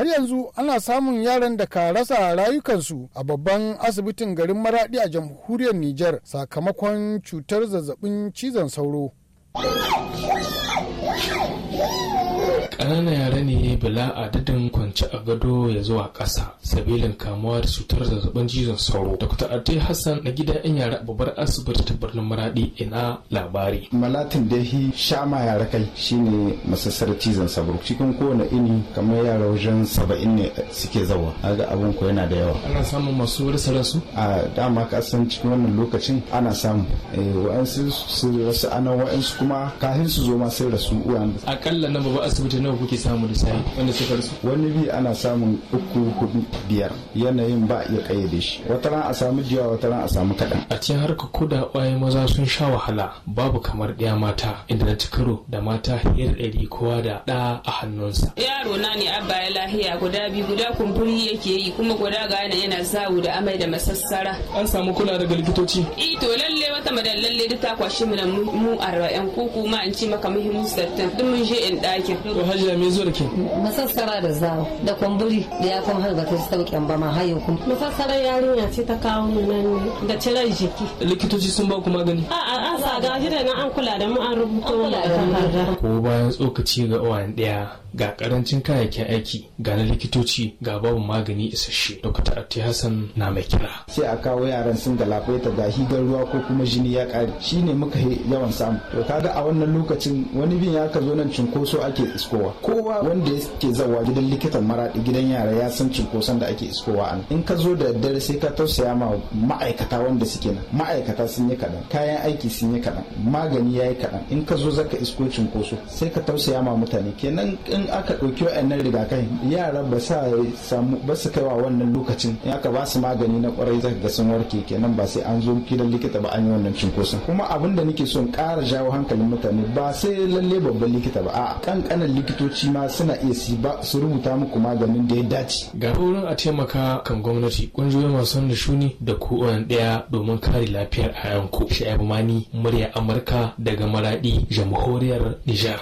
har yanzu ana samun yaran da ka rasa rayukansu a babban asibitin garin maradi a jamhuriyar niger sakamakon cutar zazzabin cizon sauro. ƙananan yare ne bila adadin kwance a gado ya zuwa ƙasa sabilin kamuwa da cutar zazzabin cizon sauro dr ade hassan na gida yan yara a babbar asibiti ta birnin maradi ina labari malatin da shi shama yara kai shine masassar cizon sauro cikin kowane ini kamar yara wajen saba'in ne suke zawa ga abin ko yana da yawa ana samun masu rasa rasu a dama ka san cikin wannan lokacin ana samu eh, wa'ansu su rasa anan wa'ansu kuma kafin su zo ma sai sun rasu uwan akalla nan babu asibiti nawa kuke samu da sai wanda suka rasu wani bi ana samun uku hudu biyar yanayin ba ya kayyade shi wata ran a samu jiya wata ran a samu kaɗan a cikin harka koda ƙwaye maza sun sha wahala babu kamar ɗaya mata inda na cikaro da mata hiyar ɗari kowa da ɗa a hannunsa yaro na ne abba ya lahiya guda biyu guda kumburi yake yi kuma guda ga yana zawo da amai da masassara an samu kula daga likitoci ito eh lalle wata madan lalle ta kwashe mu mu arba'in ko kuma in ce maka muhimmanci dubu duk mun je in ɗakin. to hajiya me zuwa ke. masassara da zawo da kumburi da ya kuma har ba ta sauƙin ba ma har kuma. masassara yarinya ce ta kawo mu nan da cirar jiki. likitoci sun ba ku magani. a'a an sa gashi da na an kula da mu an rubuto mu da takarda. ko bayan tsokaci ga awan ɗaya ga karancin kayayyakin aiki ga na likitoci ga babu magani isasshe dokta ati hassan na mai kira sai a kawo yaran sun da lafaita ga higar ruwa ko kuma jini ya kare shine muka yawan samu to kaga a wannan lokacin wani wani bin ya ka zo nan cinkoso ake iskowa kowa wanda ke zawa gidan likitan maraɗi gidan yara ya san cinkoson da ake iskowa an in ka zo da daddare sai ka tausaya ma ma'aikata wanda suke nan ma'aikata sun yi kaɗan kayan aiki sun yi kaɗan magani ya yi kaɗan in ka zo zaka isko cinkoso sai ka tausaya ma mutane kenan in aka ɗauki wa'annan rigakafi yara ba sa samu ba su kaiwa wannan lokacin in aka ba su magani na kwarai zaka ga sun warke kenan ba sai an zo gidan likita ba an yi wannan cinkoson kuma abin da nake son kara jawo hankalin mutane ba sai lalle babban likita ba a kankanan likitoci ma suna iya si ba su rubuta muku maganin da ya dace ga wurin a taimaka kan gwamnati kungiyoyi masu da shuni da kowane daya domin kare lafiyar ayanku shaibu mani murya amurka daga maradi jamhuriyar nijar